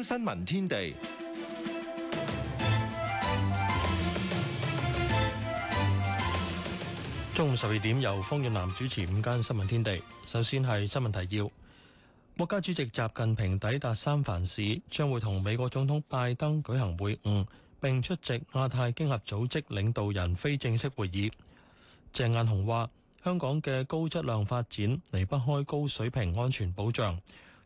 《新聞天地》中午十二點由方遠南主持午間新聞天地。首先係新聞提要：國家主席習近平抵達三藩市，將會同美國總統拜登舉行會晤，並出席亞太經合組織領導人非正式會議。鄭雁雄話：香港嘅高質量發展離不開高水平安全保障。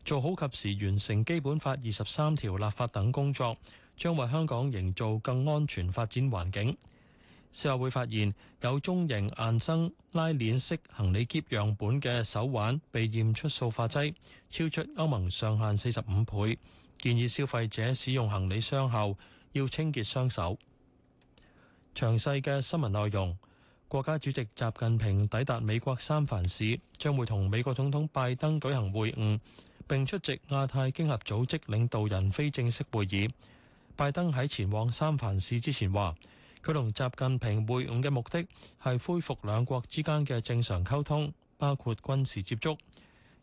做好及時完成《基本法》二十三條立法等工作，將為香港營造更安全發展環境。事後會發現，有中型硬身拉鏈式行李喼樣本嘅手環被驗出塑化劑，超出歐盟上限四十五倍，建議消費者使用行李箱後要清潔雙手。詳細嘅新聞內容，國家主席習近平抵達美國三藩市，將會同美國總統拜登舉行會晤。並出席亞太經合組織領導人非正式會議。拜登喺前往三藩市之前話，佢同習近平會晤嘅目的係恢復兩國之間嘅正常溝通，包括軍事接觸。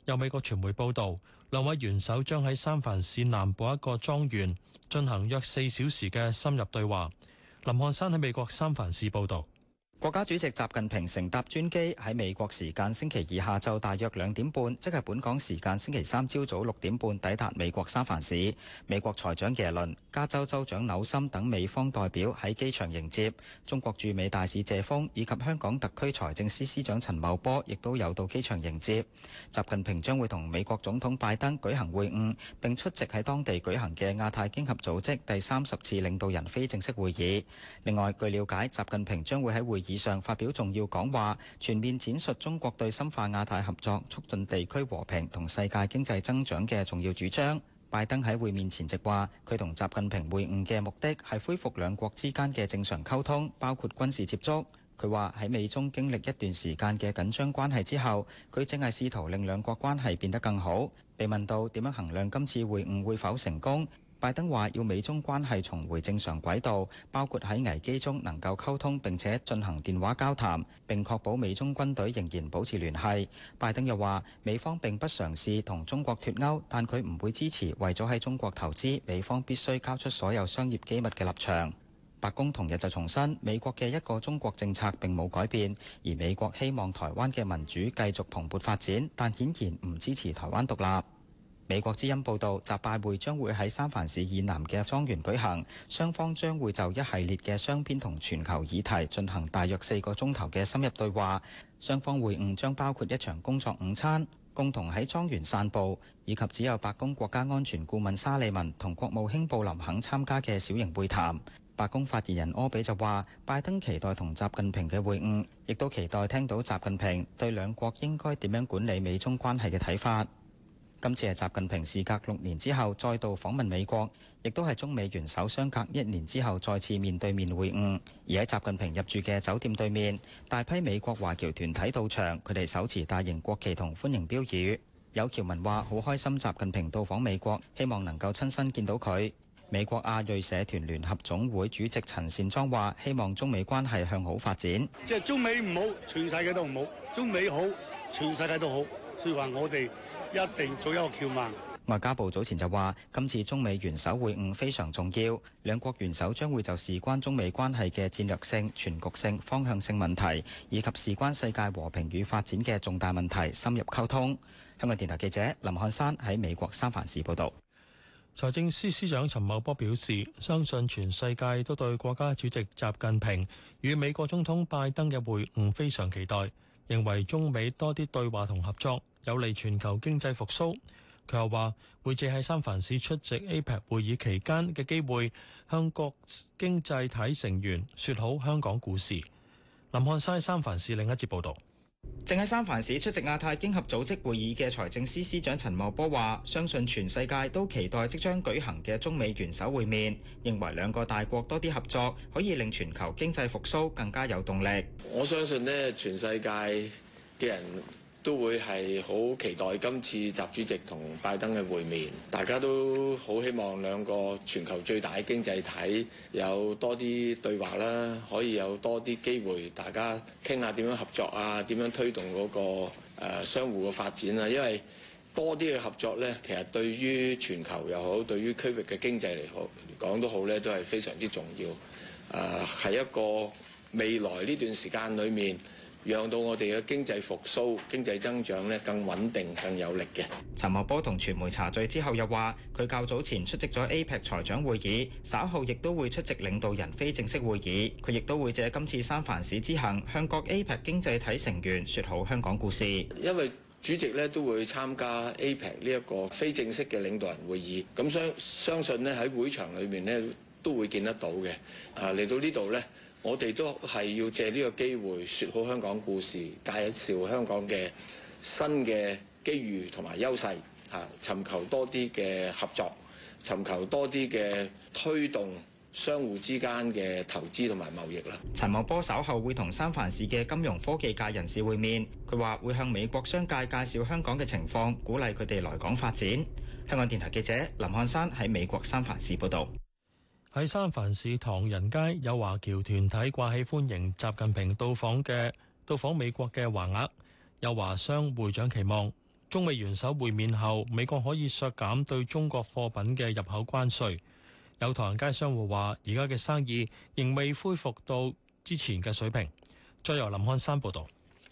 有美國傳媒報道，兩位元首將喺三藩市南部一個莊園進行約四小時嘅深入對話。林漢山喺美國三藩市報道。國家主席習近平乘搭專機喺美國時間星期二下晝大約兩點半，即係本港時間星期三朝早六點半抵達美國三藩市。美國財長耶倫、加州州長紐森等美方代表喺機場迎接。中國駐美大使謝峰以及香港特區財政司司司長陳茂波亦都有到機場迎接。習近平將會同美國總統拜登舉行會晤，並出席喺當地舉行嘅亞太經合組織第三十次領導人非正式會議。另外，據了解，習近平將會喺會。以上發表重要講話，全面展述中國對深化亞太合作、促進地區和平同世界經濟增長嘅重要主張。拜登喺會面前夕話，佢同習近平會晤嘅目的係恢復兩國之間嘅正常溝通，包括軍事接觸。佢話喺美中經歷一段時間嘅緊張關係之後，佢正係試圖令兩國關係變得更好。被問到點樣衡量今次會晤會否成功？拜登話要美中關係重回正常軌道，包括喺危機中能夠溝通並且進行電話交談，並確保美中軍隊仍然保持聯繫。拜登又話，美方並不嘗試同中國脫鉤，但佢唔會支持為咗喺中國投資，美方必須交出所有商業機密嘅立場。白宮同日就重申，美國嘅一個中國政策並冇改變，而美國希望台灣嘅民主繼續蓬勃發展，但顯然唔支持台灣獨立。美國之音報道，習拜會將會喺三藩市以南嘅莊園舉行，雙方將會就一系列嘅雙邊同全球議題進行大約四個鐘頭嘅深入對話。雙方會晤將包括一場工作午餐、共同喺莊園散步，以及只有白宮國家安全顧問沙利文同國務卿布林肯參加嘅小型會談。白宮發言人柯比就話，拜登期待同習近平嘅會晤，亦都期待聽到習近平對兩國應該點樣管理美中關係嘅睇法。今次係習近平事隔六年之後再度訪問美國，亦都係中美元首相隔一年之後再次面對面會晤。而喺習近平入住嘅酒店對面，大批美國華僑團體到場，佢哋手持大型國旗同歡迎標語。有僑民話：好開心習近平到訪美國，希望能夠親身見到佢。美國亞裔社團聯合總會主席陳善莊話：希望中美關係向好發展。即係中美唔好，全世界都唔好；中美好，全世界都好。所以話，我哋一定做一個橋樑。外交部早前就話，今次中美元首會晤非常重要，兩國元首將會就事關中美關係嘅戰略性、全局性、方向性問題，以及事關世界和平與發展嘅重大問題深入溝通。香港電台記者林漢山喺美國三藩市報導。財政司司長陳茂波表示，相信全世界都對國家主席習近平與美國總統拜登嘅會晤非常期待。認為中美多啲對話同合作有利全球經濟復甦。佢又話會借喺三藩市出席 APEC 會議期間嘅機會，向各經濟體成員說好香港故事。林漢西三藩市另一節報道。正喺三藩市出席亞太經合組織會議嘅財政司司長陳茂波話，相信全世界都期待即將舉行嘅中美元首會面，認為兩個大國多啲合作可以令全球經濟復甦更加有動力。我相信呢，全世界嘅人，都會係好期待今次習主席同拜登嘅會面，大家都好希望兩個全球最大嘅經濟體有多啲對話啦，可以有多啲機會大家傾下點樣合作啊，點樣推動嗰個、呃、相互嘅發展啊。因為多啲嘅合作呢，其實對於全球又好，對於區域嘅經濟嚟講都好，呢都係非常之重要。誒、呃，係一個未來呢段時間裏面。讓到我哋嘅經濟復甦、經濟增長咧更穩定、更有力嘅。陳茂波同傳媒茶聚之後又話：佢較早前出席咗 APEC 財長會議，稍後亦都會出席領導人非正式會議。佢亦都會借今次三藩市之行，向各 APEC 經濟體成員説好香港故事。因為主席咧都會參加 APEC 呢一個非正式嘅領導人會議，咁相相信咧喺會場裏面咧都會見得到嘅。啊，嚟到呢度咧。我哋都係要借呢個機會說好香港故事，介紹香港嘅新嘅機遇同埋優勢，嚇尋求多啲嘅合作，尋求多啲嘅推動，相互之間嘅投資同埋貿易啦。陳茂波稍後會同三藩市嘅金融科技界人士會面，佢話會向美國商界介紹香港嘅情況，鼓勵佢哋來港發展。香港電台記者林漢山喺美國三藩市報道。喺三藩市唐人街有華僑團體掛起歡迎習近平到訪嘅到訪美國嘅橫額，有華商會長期望，中美元首會面後，美國可以削減對中國貨品嘅入口關稅。有唐人街商戶話，而家嘅生意仍未恢復到之前嘅水平。再由林漢山報道。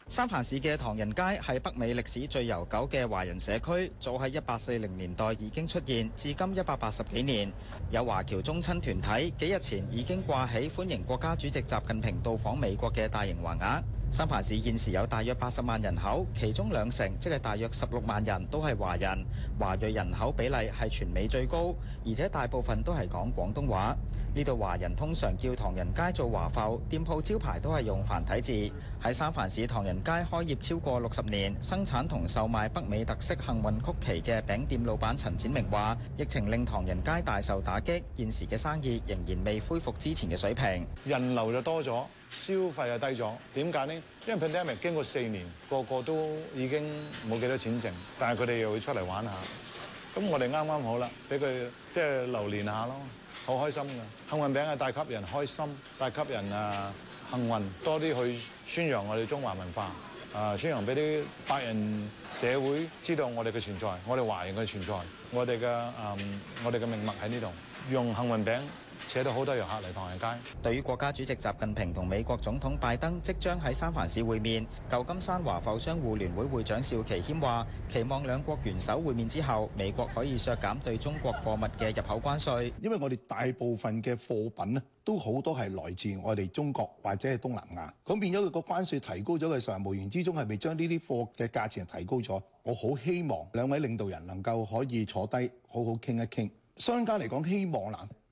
三藩市嘅唐人街係北美歷史最悠久嘅華人社區，早喺一八四零年代已經出現，至今一百八十幾年。有華僑宗親團體幾日前已經掛起歡迎國家主席習近平到訪美國嘅大型橫額。三藩市現時有大約八十萬人口，其中兩成即係大約十六萬人都係華人，華裔人口比例係全美最高，而且大部分都係講廣東話。呢度華人通常叫唐人街做華埠，店鋪招牌都係用繁體字。喺三藩市唐人街開業超過六十年，生產同售賣北美特色幸運曲奇嘅餅店老闆陳展明話，疫情令唐人街大受打擊，現時嘅生意仍然未恢復之前嘅水平。人流就多咗。消費又低咗，點解呢？因為 pandemic 經過四年，個個都已經冇幾多錢剩，但係佢哋又會出嚟玩下，咁我哋啱啱好啦，俾佢即係留連下咯，好開心㗎！幸運餅係帶給人開心，帶給人啊、呃、幸運，多啲去宣揚我哋中華文化，啊、呃、宣揚俾啲白人社會知道我哋嘅存在，我哋華人嘅存在，我哋嘅，嗯我哋嘅命脈喺呢度，用幸運餅。扯到好多遊客嚟唐人街。對於國家主席習近平同美國總統拜登即將喺三藩市會面，舊金山華埠商戶聯會會長邵琪謙話：期望兩國元首會面之後，美國可以削減對中國貨物嘅入口關稅。因為我哋大部分嘅貨品咧，都好多係來自我哋中國或者係東南亞。咁變咗佢個關稅提高咗嘅時候，無形之中係咪將呢啲貨嘅價錢提高咗？我好希望兩位領導人能夠可以坐低好好傾一傾。商家嚟講，希望嗱。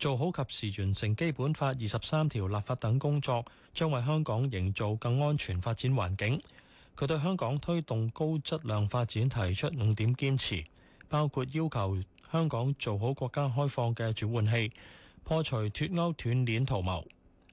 做好及時完成基本法二十三條立法等工作，將為香港營造更安全發展環境。佢對香港推動高質量發展提出五點堅持，包括要求香港做好國家開放嘅轉換器，破除脱歐斷鏈圖謀。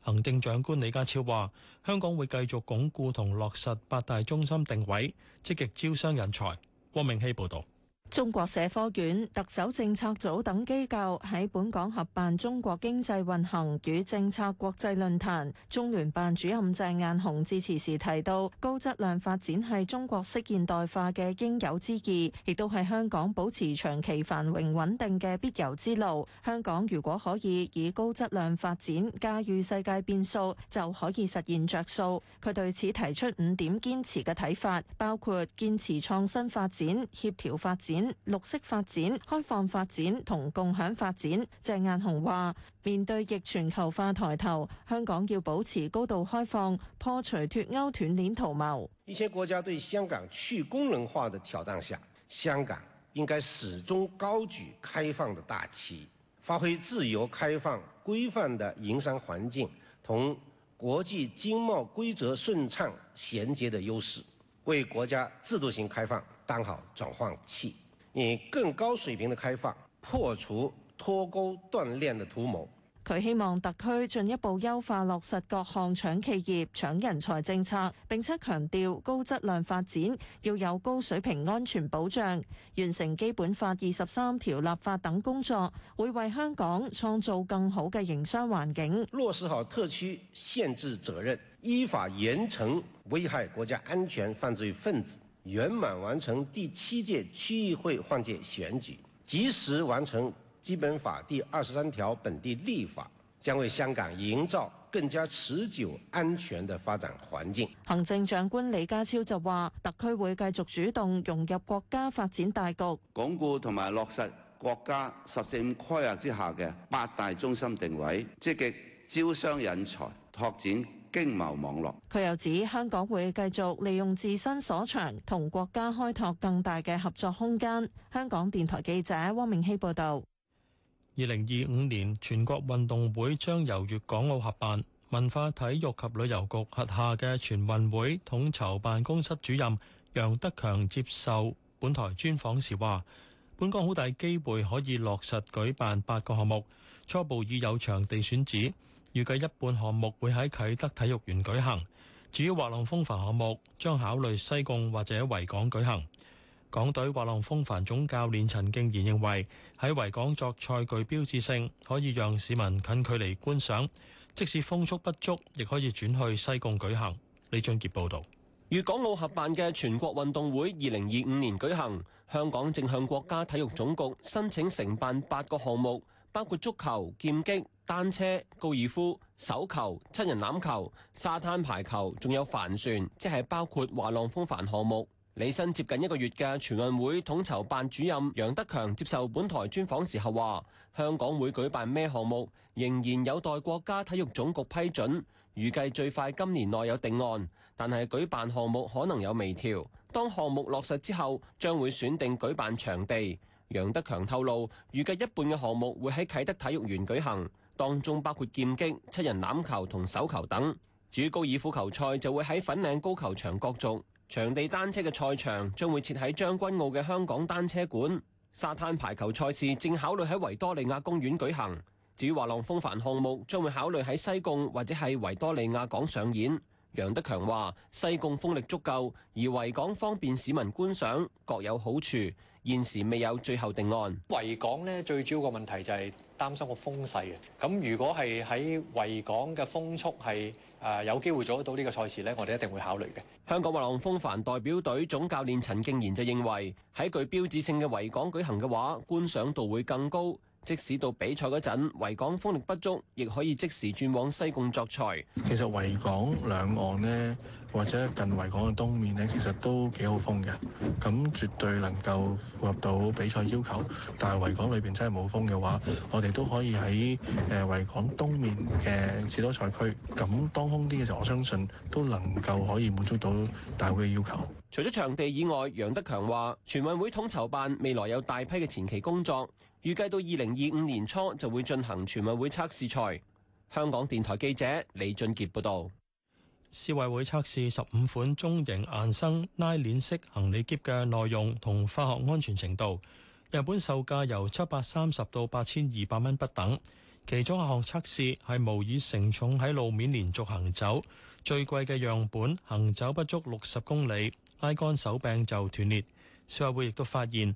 行政長官李家超話：香港會繼續鞏固同落實八大中心定位，積極招商人才。汪明希報導。中國社科院、特首政策組等機構喺本港合辦《中國經濟運行與政策國際論壇》，中聯辦主任鄭雁雄致辭時提到，高質量發展係中國式現代化嘅應有之義，亦都係香港保持長期繁榮穩定嘅必由之路。香港如果可以以高質量發展駕馭世界變數，就可以實現着數。佢對此提出五點堅持嘅睇法，包括堅持創新發展、協調發展，綠色發展、開放發展同共享發展。鄭雁雄話：面對逆全球化抬頭，香港要保持高度開放，破除脫歐斷鏈圖謀。一些國家對香港去功能化的挑戰下，香港應該始終高舉開放的大旗，發揮自由、開放、規範的營商環境同國際經貿規則順暢銜接的優勢，為國家制度性開放當好轉換器。以更高水平的開放，破除脫鈎斷鏈的圖謀。佢希望特區進一步優化落實各項搶企業搶人才政策，並且強調高質量發展要有高水平安全保障，完成基本法二十三條立法等工作，會為香港創造更好嘅營商環境。落實好特區限制責任，依法嚴懲危害國家安全犯罪分子。圓滿完成第七屆區議會換屆選舉，及時完成《基本法》第二十三條本地立法，將為香港營造更加持久安全的發展環境。行政長官李家超就話，特區會繼續主動融入國家發展大局，鞏固同埋落實國家十四五規劃之下嘅八大中心定位，積極招商引才，拓展。經貿網絡。佢又指香港會繼續利用自身所長，同國家開拓更大嘅合作空間。香港電台記者汪明希報道。二零二五年全國運動會將由粵港澳合辦，文化體育及旅遊局轄下嘅全運會統籌辦公室主任楊德強接受本台專訪時話：本港好大機會可以落實舉辦八個項目，初步已有場地選址。預計一半項目會喺啟德體育園舉行，至於滑浪風帆項目將考慮西貢或者維港舉行。港隊滑浪風帆總教練陳敬賢認為，喺維港作賽具標誌性，可以讓市民近距離觀賞。即使風速不足，亦可以轉去西貢舉行。李俊傑報導。與港澳合辦嘅全國運動會二零二五年舉行，香港正向國家體育總局申請承辦八個項目。包括足球、劍擊、單車、高爾夫、手球、七人欖球、沙灘排球，仲有帆船，即係包括滑浪風帆項目。履新接近一個月嘅全運會統籌辦主任楊德強接受本台專訪時候話：香港會舉辦咩項目，仍然有待國家體育總局批准，預計最快今年內有定案，但係舉辦項目可能有微調。當項目落實之後，將會選定舉辦場地。楊德強透露，預計一半嘅項目會喺啟德體育園舉行，當中包括劍擊、七人欖球同手球等。至於高爾夫球賽，就會喺粉嶺高球場角逐；場地單車嘅賽場將會設喺將軍澳嘅香港單車館。沙灘排球賽事正考慮喺維多利亞公園舉行。至於滑浪風帆項目，將會考慮喺西貢或者係維多利亞港上演。楊德強話：西貢風力足夠，而維港方便市民觀賞，各有好處。現時未有最後定案。維港呢最主要個問題就係擔心個風勢嘅。咁如果係喺維港嘅風速係誒、呃、有機會做得到呢個賽事呢，我哋一定會考慮嘅。香港滑浪風帆代表隊總教練陳敬賢就認為，喺具標誌性嘅維港舉行嘅話，觀賞度會更高。即使到比賽嗰陣，維港風力不足，亦可以即時轉往西貢作賽。其實維港兩岸呢，或者近維港嘅東面咧，其實都幾好風嘅，咁絕對能夠符合到比賽要求。但係維港裏邊真係冇風嘅話，我哋都可以喺誒維港東面嘅士多賽區，咁當空啲嘅時候，我相信都能夠可以滿足到大會嘅要求。除咗場地以外，楊德強話：全運會統籌辦未來有大批嘅前期工作，預計到二零二五年初就會進行全運會測試賽。香港電台記者李俊杰報道。消委會測試十五款中型硬生拉鏈式行李篋嘅耐用同化學安全程度，日本售價由七百三十到八千二百蚊不等。其中一項測試係模擬承重喺路面連續行走，最貴嘅樣本行走不足六十公里，拉桿手柄就斷裂。消委會亦都發現。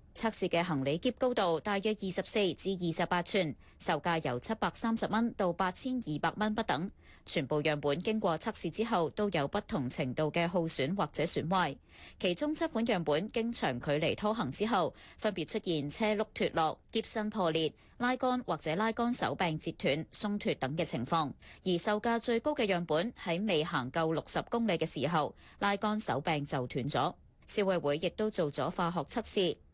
測試嘅行李篋高度大約二十四至二十八吋，售價由七百三十蚊到八千二百蚊不等。全部樣本經過測試之後都有不同程度嘅耗損或者損壞。其中七款樣本經長距離拖行之後，分別出現車轆脫落、篋身破裂、拉杆或者拉杆手柄折斷、鬆脱等嘅情況。而售價最高嘅樣本喺未行夠六十公里嘅時候，拉杆手柄就斷咗。消委會亦都做咗化學測試。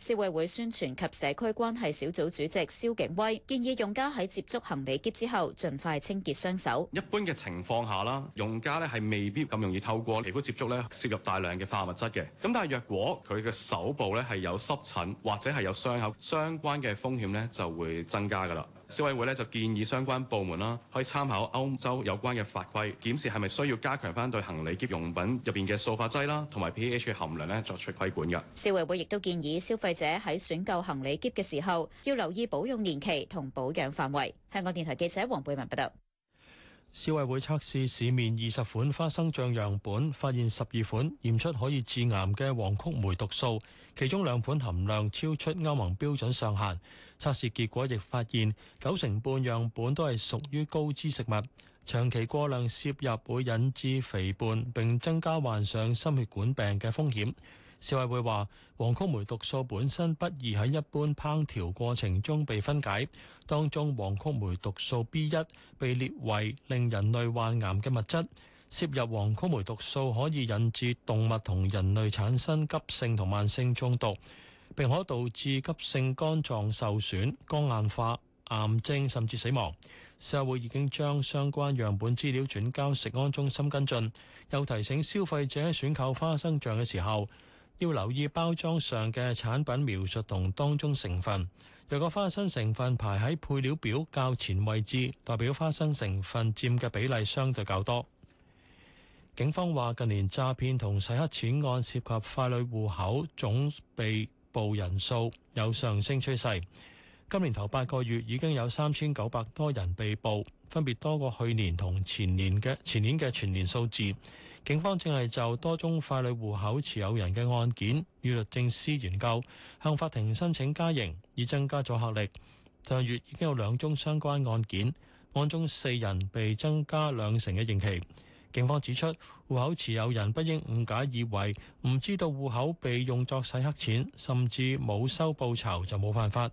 消委會宣傳及社區關係小組主席蕭景威建議用家喺接觸行李篋之後，盡快清潔雙手。一般嘅情況下啦，用家咧係未必咁容易透過皮膚接觸咧，攝入大量嘅化學物質嘅。咁但係若果佢嘅手部咧係有濕疹或者係有傷口，相關嘅風險咧就會增加㗎啦。消委會咧就建議相關部門啦，可以參考歐洲有關嘅法規，檢視係咪需要加強翻對行李篋用品入邊嘅塑化劑啦，同埋 P H 嘅含量咧作出規管嘅。消委會亦都建議消費者喺選購行李篋嘅時候，要留意保用年期同保養範圍。香港電台記者黃貝文報道。消委會測試市面二十款花生醬樣本，發現十二款驗出可以致癌嘅黃曲霉毒素，其中兩款含量超出歐盟標準上限。測試結果亦發現九成半樣本都係屬於高脂食物，長期過量攝入會引致肥胖並增加患上心血管病嘅風險。消委會話，黃曲霉毒素本身不易喺一般烹調過程中被分解，當中黃曲霉毒素 B1 被列為令人類患癌嘅物質。攝入黃曲霉毒素可以引致動物同人類產生急性同慢性中毒，並可導致急性肝臟受損、肝硬化、癌症甚至死亡。消委會已經將相關樣本資料轉交食安中心跟進，又提醒消費者選購花生醬嘅時候，要留意包裝上嘅產品描述同當中成分。若果花生成分排喺配料表較前位置，代表花生成分佔嘅比例相對較多。警方話近年詐騙同洗黑錢案涉及傀儡戶口總被捕人數有上升趨勢。今年頭八個月已經有三千九百多人被捕，分別多過去年同前年嘅前年嘅全年數字。警方正係就多宗傀儡戶口持有人嘅案件與律政司研究向法庭申請加刑，以增加阻嚇力。上月已經有兩宗相關案件，案中四人被增加兩成嘅刑期。警方指出，戶口持有人不應誤解以為唔知道戶口被用作洗黑錢，甚至冇收報酬就冇犯法。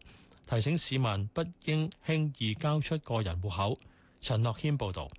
提醒市民不應輕易交出個人戶口。陳樂軒報導，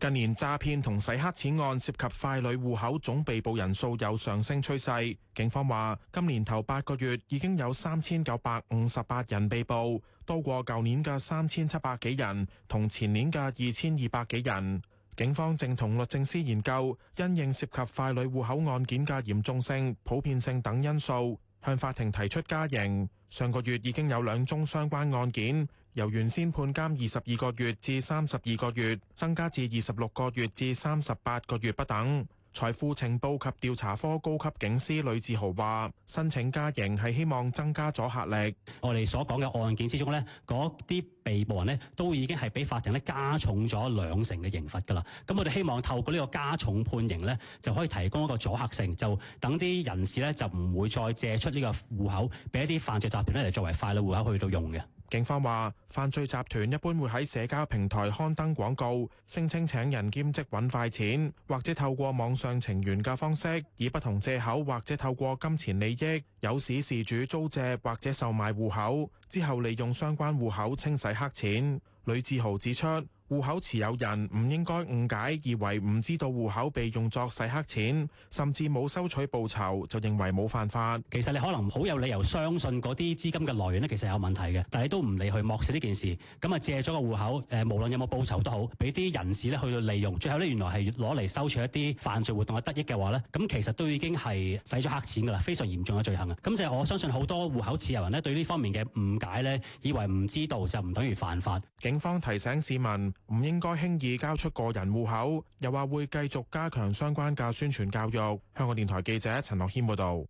近年詐騙同洗黑錢案涉及傀儡戶口總被捕人數有上升趨勢。警方話，今年頭八個月已經有三千九百五十八人被捕，多過舊年嘅三千七百幾人，同前年嘅二千二百幾人。警方正同律政司研究，因應涉及傀儡戶口案件嘅嚴重性、普遍性等因素，向法庭提出加刑，上個月已經有兩宗相關案件，由原先判監二十二個月至三十二個月，增加至二十六個月至三十八個月不等。財富情報及調查科高級警司呂志豪話：申請加刑係希望增加阻嚇力。我哋所講嘅案件之中咧，嗰啲被捕人咧都已經係俾法庭咧加重咗兩成嘅刑罰噶啦。咁我哋希望透過呢個加重判刑咧，就可以提供一個阻嚇性，就等啲人士咧就唔會再借出呢個戶口俾一啲犯罪集團咧嚟作為傀儡戶口去到用嘅。警方話，犯罪集團一般會喺社交平台刊登廣告，聲稱請人兼職揾快錢，或者透過網上情緣嘅方式，以不同借口或者透過金錢利益，誘使事主租借或者售賣戶口，之後利用相關戶口清洗黑錢。呂志豪指出。戶口持有人唔應該誤解，以為唔知道戶口被用作洗黑錢，甚至冇收取報酬就認為冇犯法。其實你可能好有理由相信嗰啲資金嘅來源咧，其實係有問題嘅。但係你都唔理去漠視呢件事，咁啊借咗個戶口，誒無論有冇報酬都好，俾啲人士咧去到利用，最後呢，原來係攞嚟收取一啲犯罪活動嘅得益嘅話咧，咁其實都已經係洗咗黑錢㗎喇，非常嚴重嘅罪行啊！咁就係我相信好多戶口持有人咧對呢方面嘅誤解咧，以為唔知道就唔等於犯法。警方提醒市民。唔應該輕易交出個人戶口，又話會繼續加強相關嘅宣傳教育。香港電台記者陳樂軒報導。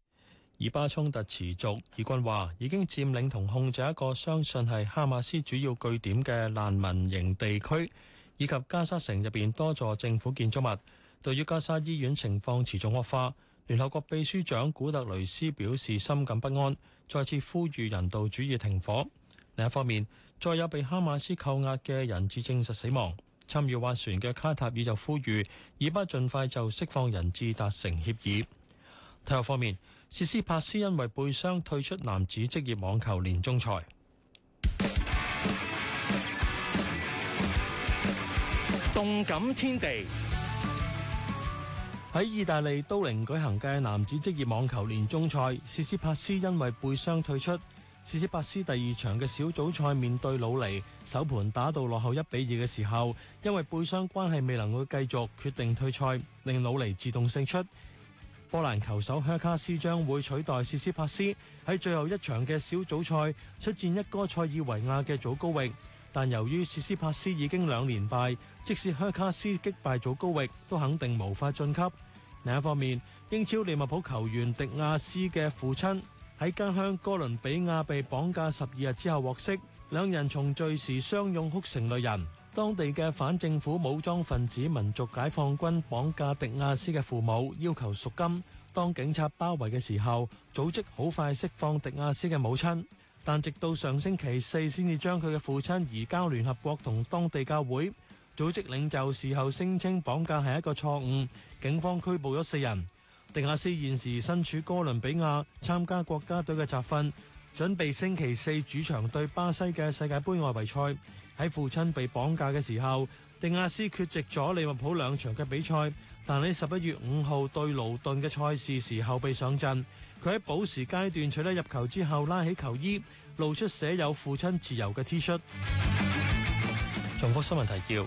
以巴衝突持續，以軍話已經佔領同控制一個相信係哈馬斯主要據點嘅難民營地區，以及加沙城入邊多座政府建築物。對於加沙醫院情況持續惡化，聯合國秘書長古特雷斯表示深感不安，再次呼籲人道主義停火。另一方面，再有被哈馬斯扣押嘅人質證實死亡。參與斡旋嘅卡塔爾就呼籲，以巴盡快就釋放人質達成協議。體育方面，施斯帕斯因為背傷退出男子職業網球年終賽。動感天地，喺意大利都靈舉行嘅男子職業網球年終賽，施斯帕斯因為背傷退出。斯斯帕斯第二場嘅小組賽面對魯尼，首盤打到落後一比二嘅時候，因為背傷關係未能會繼續，決定退賽，令魯尼自動勝出。波蘭球手赫卡斯將會取代斯斯帕斯喺最後一場嘅小組賽出戰一哥塞爾維亞嘅祖高域，但由於斯斯帕斯已經兩連敗，即使赫卡斯擊敗祖高域，都肯定無法晉級。另一方面，英超利物浦球員迪亞斯嘅父親。喺家鄉哥倫比亞被綁架十二日之後獲釋，兩人重聚時相擁哭成淚人。當地嘅反政府武裝分子民族解放軍綁架迪亞斯嘅父母，要求贖金。當警察包圍嘅時候，組織好快釋放迪亞斯嘅母親，但直到上星期四先至將佢嘅父親移交聯合國同當地教會。組織領袖事後聲稱綁架係一個錯誤，警方拘捕咗四人。迪亞斯現時身處哥倫比亞參加國家隊嘅集訓，準備星期四主場對巴西嘅世界杯外圍賽。喺父親被綁架嘅時候，迪亞斯缺席咗利物浦兩場嘅比賽，但喺十一月五號對勞頓嘅賽事時候被上陣。佢喺補時階段取得入球之後拉起球衣，露出寫有「父親自由」嘅 T 恤。重複新聞提要。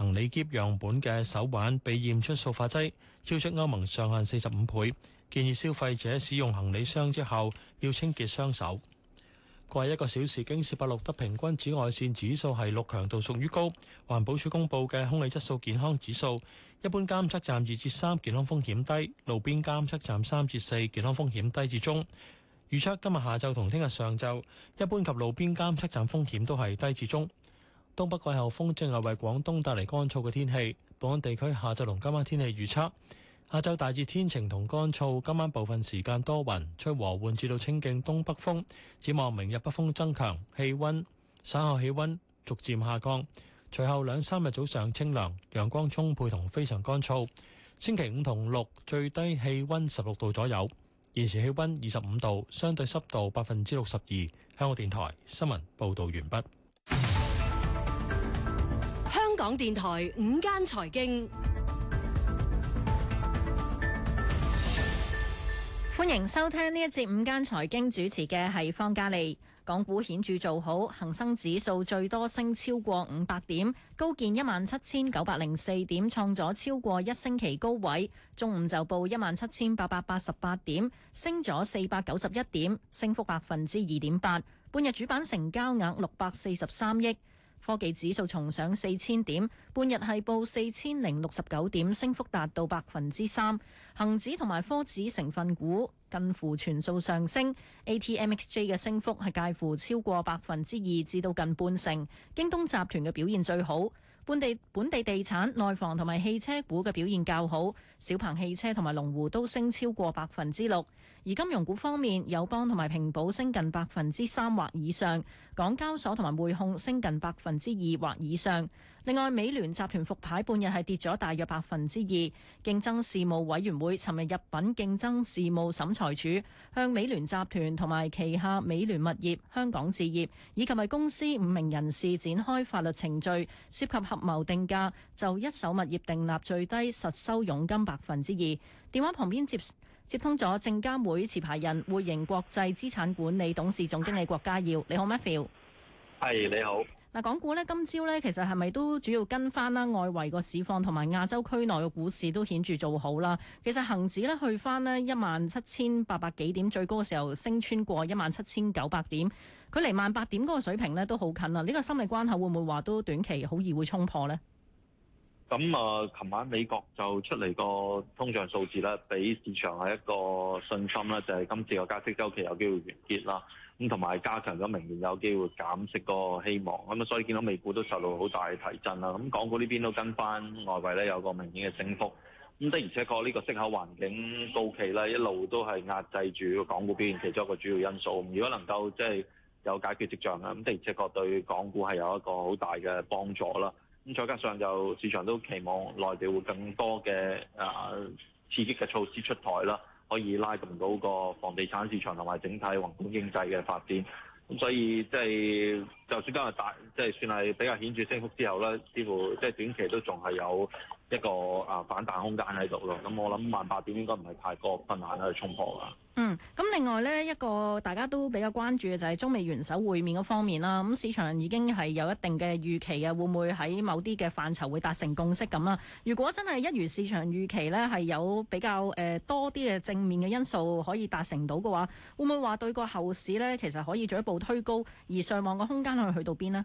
行李喼樣本嘅手環被驗出塑化劑，超出歐盟上限四十五倍，建議消費者使用行李箱之後要清潔雙手。過一個小時，京士柏錄得平均紫外線指數係六，強度，屬於高。環保署公佈嘅空氣質素健康指數，一般監測站二至三，3，健康風險低；路邊監測站三至四，4，健康風險低至中。預測今日下晝同聽日上晝，一般及路邊監測站風險都係低至中。東北季候風正係為廣東帶嚟乾燥嘅天氣。本港地區下晝同今晚天氣預測：下晝大致天晴同乾燥，今晚部分時間多雲，吹和緩至到清勁東北風。展望明日北風增強，氣温、稍後氣温逐漸下降。隨後兩三日早上清涼，陽光充沛同非常乾燥。星期五同六最低氣温十六度左右，現時氣温二十五度，相對濕度百分之六十二。香港電台新聞報道完畢。港電台午間財經，歡迎收聽呢一節午間財經主持嘅係方嘉利。港股顯著做好，恒生指數最多升超過五百點，高見一萬七千九百零四點，創咗超過一星期高位。中午就報一萬七千八百八十八點，升咗四百九十一點，升幅百分之二點八。半日主板成交額六百四十三億。科技指數重上四千點，半日係報四千零六十九點，升幅達到百分之三。恒指同埋科指成分股近乎全數上升，ATMXJ 嘅升幅係介乎超過百分之二至到近半成。京東集團嘅表現最好，本地本地地產、內房同埋汽車股嘅表現較好。小鵬汽車同埋龍湖都升超過百分之六，而金融股方面，友邦同埋平保升近百分之三或以上，港交所同埋匯控升近百分之二或以上。另外，美聯集團復牌半日係跌咗大約百分之二。競爭事務委員會尋日入禀競爭事務審裁處，向美聯集團同埋旗下美聯物業、香港置業以及系公司五名人士展開法律程序，涉及合謀定價，就一手物業訂立最低實收佣金。百分之二，電話旁邊接接通咗證監會持牌人、匯盈國際資產管理董事總經理郭家耀，你好，Matthew。係、hey, 你好。嗱，港股呢，今朝呢，其實係咪都主要跟翻啦？外圍個市況同埋亞洲區內嘅股市都顯著做好啦。其實恒指呢，去翻呢，一萬七千八百幾點，最高嘅時候升穿過一萬七千九百點，距離萬八點嗰個水平呢，都好近啦。呢、這個心理關口會唔會話都短期好易會衝破呢？咁啊，琴、嗯、晚美國就出嚟個通脹數字咧，俾市場係一個信心啦，就係、是、今次個加息周期有機會完結啦。咁同埋加強咗明年有機會減息個希望。咁、嗯、啊，所以見到美股都受到好大提振啦。咁、嗯、港股呢邊都跟翻外圍咧，有個明顯嘅升幅。咁的而且確呢個息口環境高企咧，一路都係壓制住港股表現其中一個主要因素。如果能夠即係有解決跡象啊，咁的而且確對港股係有一個好大嘅幫助啦。再加上就市場都期望內地會更多嘅啊刺激嘅措施出台啦，可以拉動到個房地產市場同埋整體宏觀經濟嘅發展。咁所以即係。就算今日大，即係算係比較顯著升幅之後咧，似乎即係短期都仲係有一個啊反彈空間喺度咯。咁我諗萬八點應該唔係太過困難去衝破啦。嗯，咁另外咧一個大家都比較關注嘅就係中美元首會面嗰方面啦。咁、嗯、市場已經係有一定嘅預期啊，會唔會喺某啲嘅範疇會達成共識咁啦？如果真係一如市場預期咧，係有比較誒、呃、多啲嘅正面嘅因素可以達成到嘅話，會唔會話對個後市咧其實可以進一步推高而上網嘅空間。去到邊呢？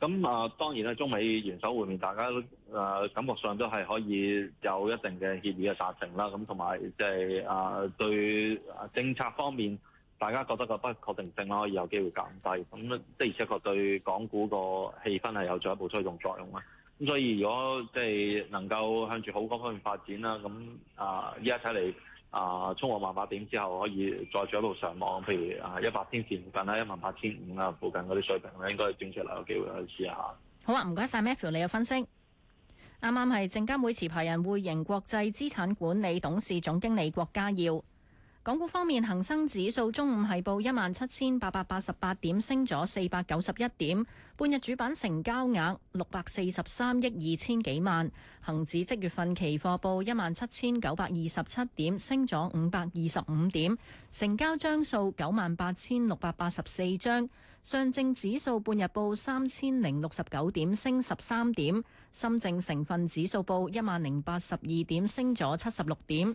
咁啊、呃，當然啦，中美元首會面，大家誒、呃、感覺上都係可以有一定嘅協議嘅達成啦。咁同埋即係啊，對政策方面，大家覺得個不確定性可以有機會減低。咁即係而且的確對港股個氣氛係有進一步推動作用啦。咁、啊、所以如果即係能夠向住好方面發展啦，咁啊依家睇嚟。啊，衝到萬八點之後，可以再再一路上網。譬如啊，一百天線附近啦，一萬八千五啊附近嗰啲水平咧，應該係轉出嚟有機會去試下。好啊，唔該晒。Matthew 你嘅分析。啱啱係證監會持牌人匯盈國際資產管理董事總經理郭家耀。港股方面，恒生指數中午係報一萬七千八百八十八點，升咗四百九十一點。半日主板成交額六百四十三億二千幾萬。恒指即月份期貨報一萬七千九百二十七點，升咗五百二十五點。成交張數九萬八千六百八十四張。上證指數半日報三千零六十九點，升十三點。深證成分指數報一萬零八十二點，升咗七十六點。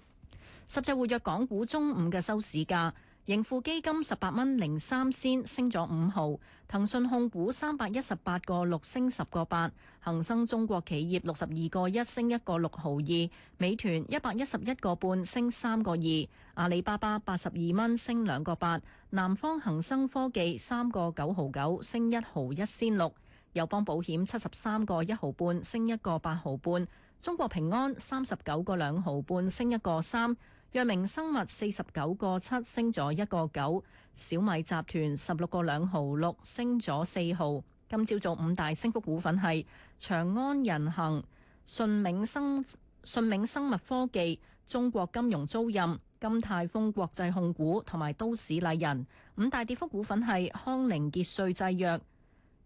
十隻活躍港股中午嘅收市價，盈富基金十八蚊零三仙升咗五毫，騰訊控股三百一十八個六升十個八，恒生中國企業六十二個一升一個六毫二，美團一百一十一個半升三個二，阿里巴巴八十二蚊升兩個八，南方恒生科技三個九毫九升一毫一仙六，友邦保險七十三個一毫半升一個八毫半，中國平安三十九個兩毫半升一個三。藥明生物四十九個七升咗一個九，小米集團十六個兩毫六升咗四毫。今朝早五大升幅股份係長安人行、順明生、順明生物科技、中國金融租賃、金泰豐國際控股，同埋都市麗人。五大跌幅股份係康寧傑瑞製藥、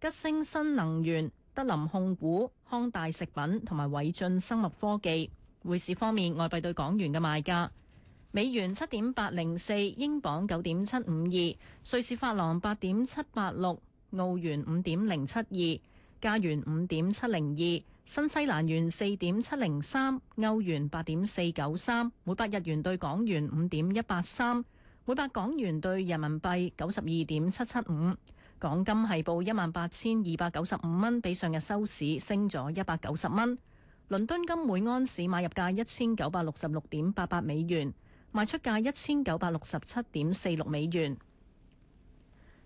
吉星新能源、德林控股、康大食品，同埋偉進生物科技。匯市方面，外幣對港元嘅賣價。美元七點八零四，英鎊九點七五二，瑞士法郎八點七八六，澳元五點零七二，加元五點七零二，新西蘭元四點七零三，歐元八點四九三，每百日元對港元五點一八三，每百港元對人民幣九十二點七七五。港金係報一萬八千二百九十五蚊，比上日收市升咗一百九十蚊。倫敦金每安士買入價一千九百六十六點八八美元。賣出價一千九百六十七點四六美元。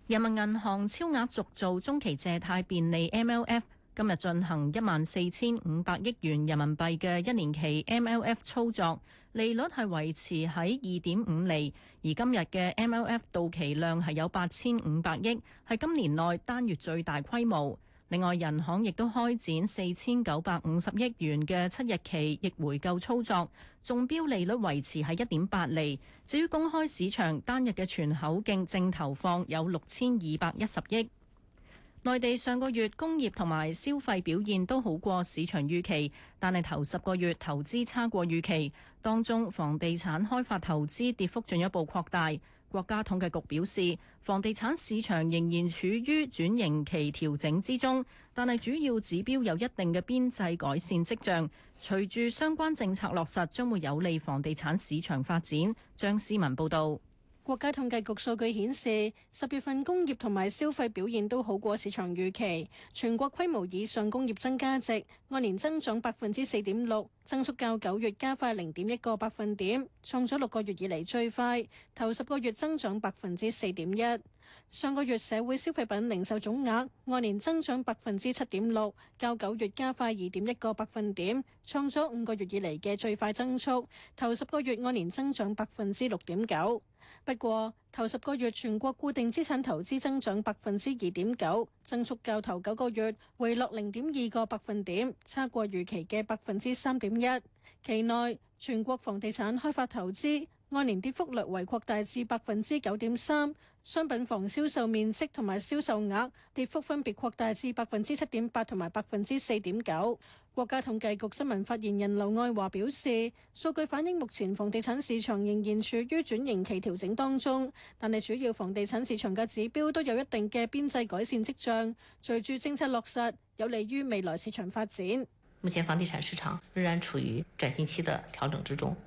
人民銀行超額續做中期借貸便利 （MLF），今日進行一萬四千五百億元人民幣嘅一年期 MLF 操作，利率係維持喺二點五厘。而今日嘅 MLF 到期量係有八千五百億，係今年內單月最大規模。另外，人行亦都開展四千九百五十億元嘅七日期逆回購操作，中標利率維持喺一點八厘。至於公開市場單日嘅全口徑淨投放有六千二百一十億。內地上個月工業同埋消費表現都好過市場預期，但係頭十個月投資差過預期，當中房地產開發投資跌幅進一步擴大。國家統計局表示，房地產市場仍然處於轉型期調整之中，但係主要指標有一定嘅邊際改善迹象。隨住相關政策落實，將會有利房地產市場發展。張思文報道。國家統計局數據顯示，十月份工業同埋消費表現都好過市場預期。全國規模以上工業增加值按年增長百分之四點六，增速較九月加快零點一個百分點，創咗六個月以嚟最快。頭十個月增長百分之四點一。上個月社會消費品零售總額按年增長百分之七點六，較九月加快二點一個百分點，創咗五個月以嚟嘅最快增速。頭十個月按年增長百分之六點九。不過頭十個月全國固定資產投資增長百分之二點九，增速較頭九個月回落零點二個百分點，差過預期嘅百分之三點一。期內全國房地產開發投資按年跌幅略為擴大至百分之九點三，商品房銷售面積同埋銷售額跌幅分別擴大至百分之七點八同埋百分之四點九。國家統計局新聞發言人劉愛華表示，數據反映目前房地產市場仍然處於轉型期調整當中，但係主要房地產市場嘅指標都有一定嘅邊際改善跡象，隨住政策落實，有利於未來市場發展。目前房地產市場仍然處於轉型期嘅調整之中。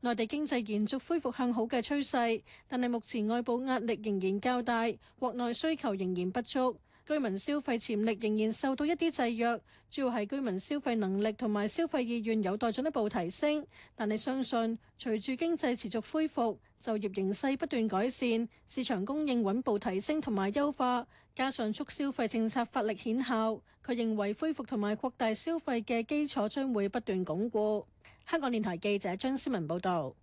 內地經濟延續恢復向好嘅趨勢，但係目前外部壓力仍然較大，國內需求仍然不足，居民消費潛力仍然受到一啲制約，主要係居民消費能力同埋消費意願有待進一步提升。但係相信，隨住經濟持續恢復，就業形勢不斷改善，市場供應穩步提升同埋優化，加上促消費政策發力顯效，佢認為恢復同埋擴大消費嘅基礎將會不斷鞏固。香港電台記者張思文報道。